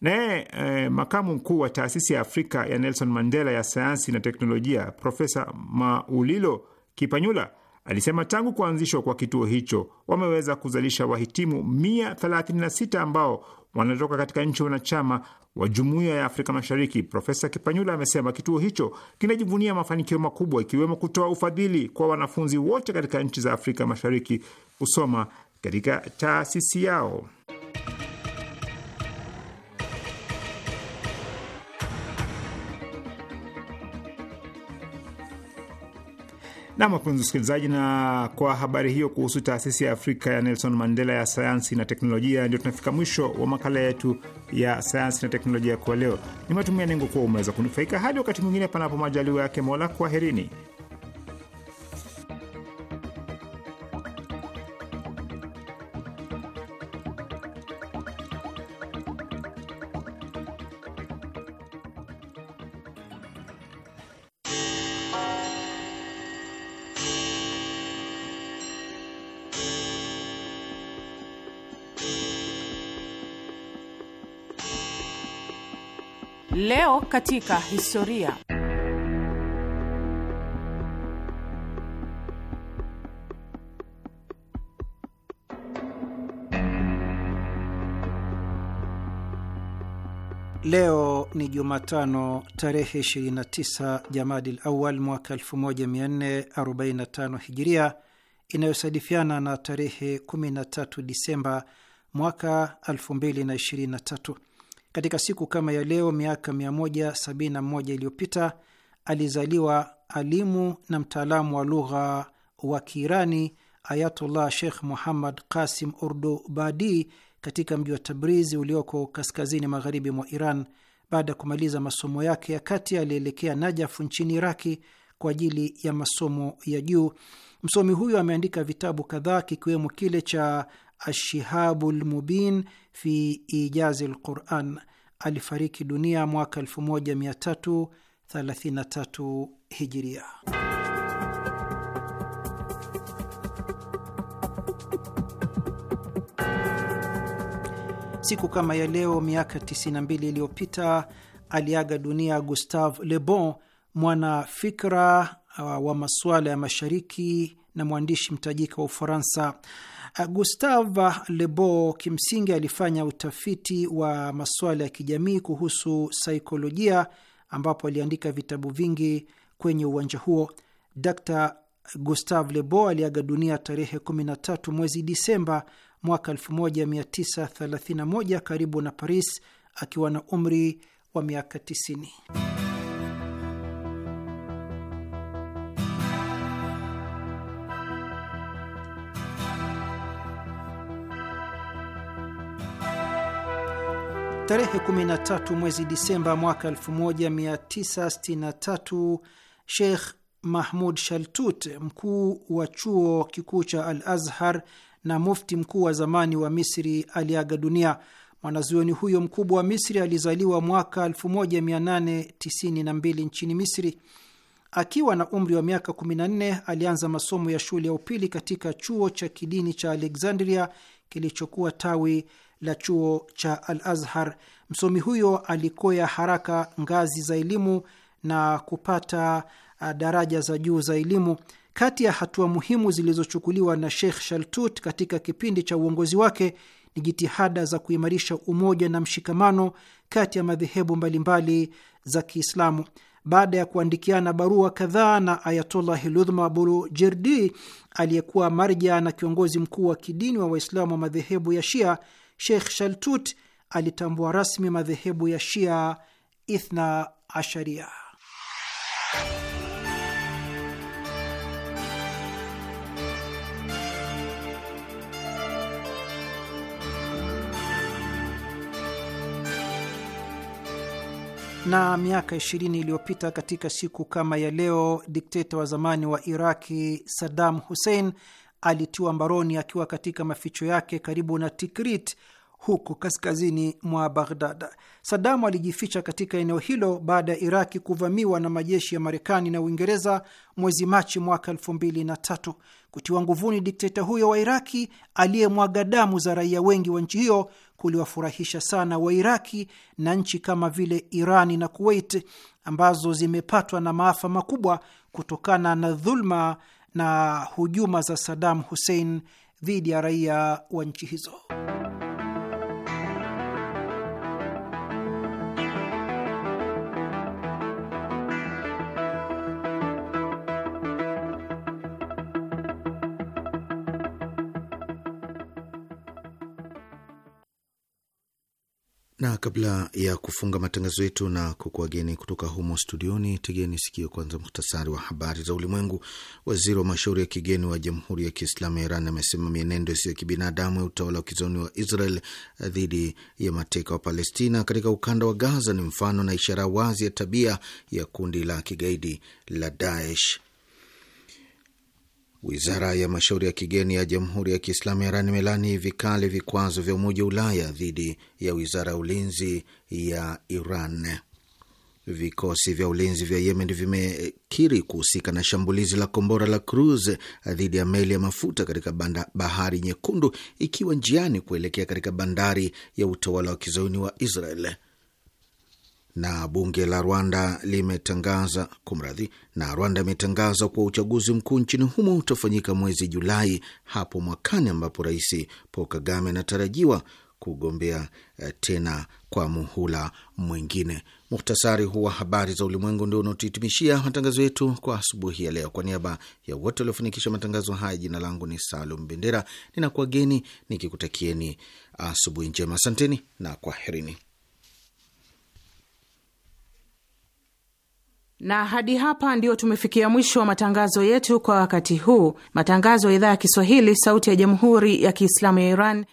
Naye eh, makamu mkuu wa taasisi ya Afrika ya Nelson Mandela ya sayansi na teknolojia Profesa Maulilo Kipanyula Alisema tangu kuanzishwa kwa kituo hicho wameweza kuzalisha wahitimu 136 ambao wanatoka katika nchi wanachama wa Jumuiya ya Afrika Mashariki. Profesa Kipanyula amesema kituo hicho kinajivunia mafanikio makubwa, ikiwemo kutoa ufadhili kwa wanafunzi wote katika nchi za Afrika Mashariki kusoma katika taasisi yao. Nam, wapenzi usikilizaji na kwa habari hiyo kuhusu taasisi ya Afrika ya Nelson Mandela ya sayansi na teknolojia, ndio tunafika mwisho wa makala yetu ya sayansi na teknolojia kwa leo. Ni matumia nengo kuwa umeweza kunufaika. Hadi wakati mwingine, panapo majaliwa yake Mola, kwaherini. Leo katika historia. Leo ni Jumatano tarehe 29 Jamadil Awal mwaka 1445 Hijiria, inayosadifiana na tarehe 13 Disemba mwaka 2023. Katika siku kama ya leo miaka 171 iliyopita alizaliwa alimu na mtaalamu wa lugha wa Kiirani Ayatullah Sheikh Muhammad Qasim badi katika mji wa Tabrizi ulioko kaskazini magharibi mwa Iran. Baada ya kumaliza masomo yake ya kati, alielekea Najafu nchini Iraki kwa ajili ya masomo ya juu. Msomi huyo ameandika vitabu kadhaa kikiwemo kile cha Ashihabu lmubin fi ijazi lquran. Alifariki dunia mwaka 1333 Hijiria. Siku kama ya leo miaka 92 iliyopita aliaga dunia Gustave Le Bon, mwana fikra uh, wa masuala ya mashariki na mwandishi mtajika wa Ufaransa. Uh, Gustave Le Bon kimsingi alifanya utafiti wa masuala ya kijamii kuhusu saikolojia, ambapo aliandika vitabu vingi kwenye uwanja huo. Dr Gustave Le Bon aliaga dunia tarehe 13 mwezi Disemba mwaka 1931 karibu na Paris akiwa na umri wa miaka 90. Tarehe 13 mwezi Disemba mwaka 1963 Sheikh Mahmud Shaltut, mkuu wa chuo kikuu cha Al Azhar na mufti mkuu wa zamani wa Misri, aliaga dunia. Mwanazuoni huyo mkubwa wa Misri alizaliwa mwaka 1892 nchini Misri. Akiwa na umri wa miaka 14 alianza masomo ya shule ya upili katika chuo cha kidini cha Alexandria kilichokuwa tawi la chuo cha Al Azhar. Msomi huyo alikoya haraka ngazi za elimu na kupata uh, daraja za juu za elimu. Kati ya hatua muhimu zilizochukuliwa na Sheikh Shaltut katika kipindi cha uongozi wake ni jitihada za kuimarisha umoja na mshikamano kati ya madhehebu mbalimbali za Kiislamu. Baada ya kuandikiana barua kadhaa na Ayatollah Ludhma Burujerdi aliyekuwa marja na kiongozi mkuu wa kidini wa Waislamu wa madhehebu ya Shia, Sheikh Shaltut alitambua rasmi madhehebu ya Shia Ithna Asharia. Na miaka 20 iliyopita katika siku kama ya leo, dikteta wa zamani wa Iraki Saddam Hussein alitiwa mbaroni akiwa katika maficho yake karibu na Tikrit huko kaskazini mwa Baghdad. Sadamu alijificha katika eneo hilo baada ya Iraki kuvamiwa na majeshi ya Marekani na Uingereza mwezi Machi mwaka elfu mbili na tatu. Kutiwa nguvuni dikteta huyo wa Iraki aliyemwaga damu za raia wengi wa nchi hiyo kuliwafurahisha sana Wairaki na nchi kama vile Irani na Kuwait ambazo zimepatwa na maafa makubwa kutokana na dhuluma na hujuma za Saddam Hussein dhidi ya raia wa nchi hizo. na kabla ya kufunga matangazo yetu na kukuageni kutoka humo studioni, tegeni sikio kwanza muhtasari wa habari za ulimwengu. Waziri wa mashauri ya kigeni wa Jamhuri ya Kiislamu ya Iran amesema mienendo isiyo ya kibinadamu ya utawala wa kizoni wa Israel dhidi ya mateka wa Palestina katika ukanda wa Gaza ni mfano na ishara wazi ya tabia ya kundi la kigaidi la Daesh. Wizara ya mashauri ya kigeni ya Jamhuri ya Kiislamu ya Iran melani vikali vikwazo vya Umoja wa Ulaya dhidi ya wizara ya ulinzi ya Iran. Vikosi vya ulinzi vya Yemen vimekiri kuhusika na shambulizi la kombora la Cruz dhidi ya meli ya mafuta katika banda bahari Nyekundu ikiwa njiani kuelekea katika bandari ya utawala wa kizayuni wa Israel na bunge la Rwanda limetangaza kumradhi, na Rwanda imetangaza kuwa uchaguzi mkuu nchini humo utafanyika mwezi Julai hapo mwakani, ambapo Rais Paul Kagame anatarajiwa kugombea eh, tena kwa muhula mwingine. Muhtasari huu wa habari za ulimwengu ndio unaotuhitimishia matangazo yetu kwa asubuhi ya leo. Kwa niaba ya wote waliofanikisha matangazo haya, jina langu ni Salum Bendera, ninakuwageni nikikutakieni asubuhi njema. Asanteni na kwaherini. na hadi hapa ndiyo tumefikia mwisho wa matangazo yetu kwa wakati huu. Matangazo ya idhaa ya Kiswahili, sauti ya jamhuri ya kiislamu ya Iran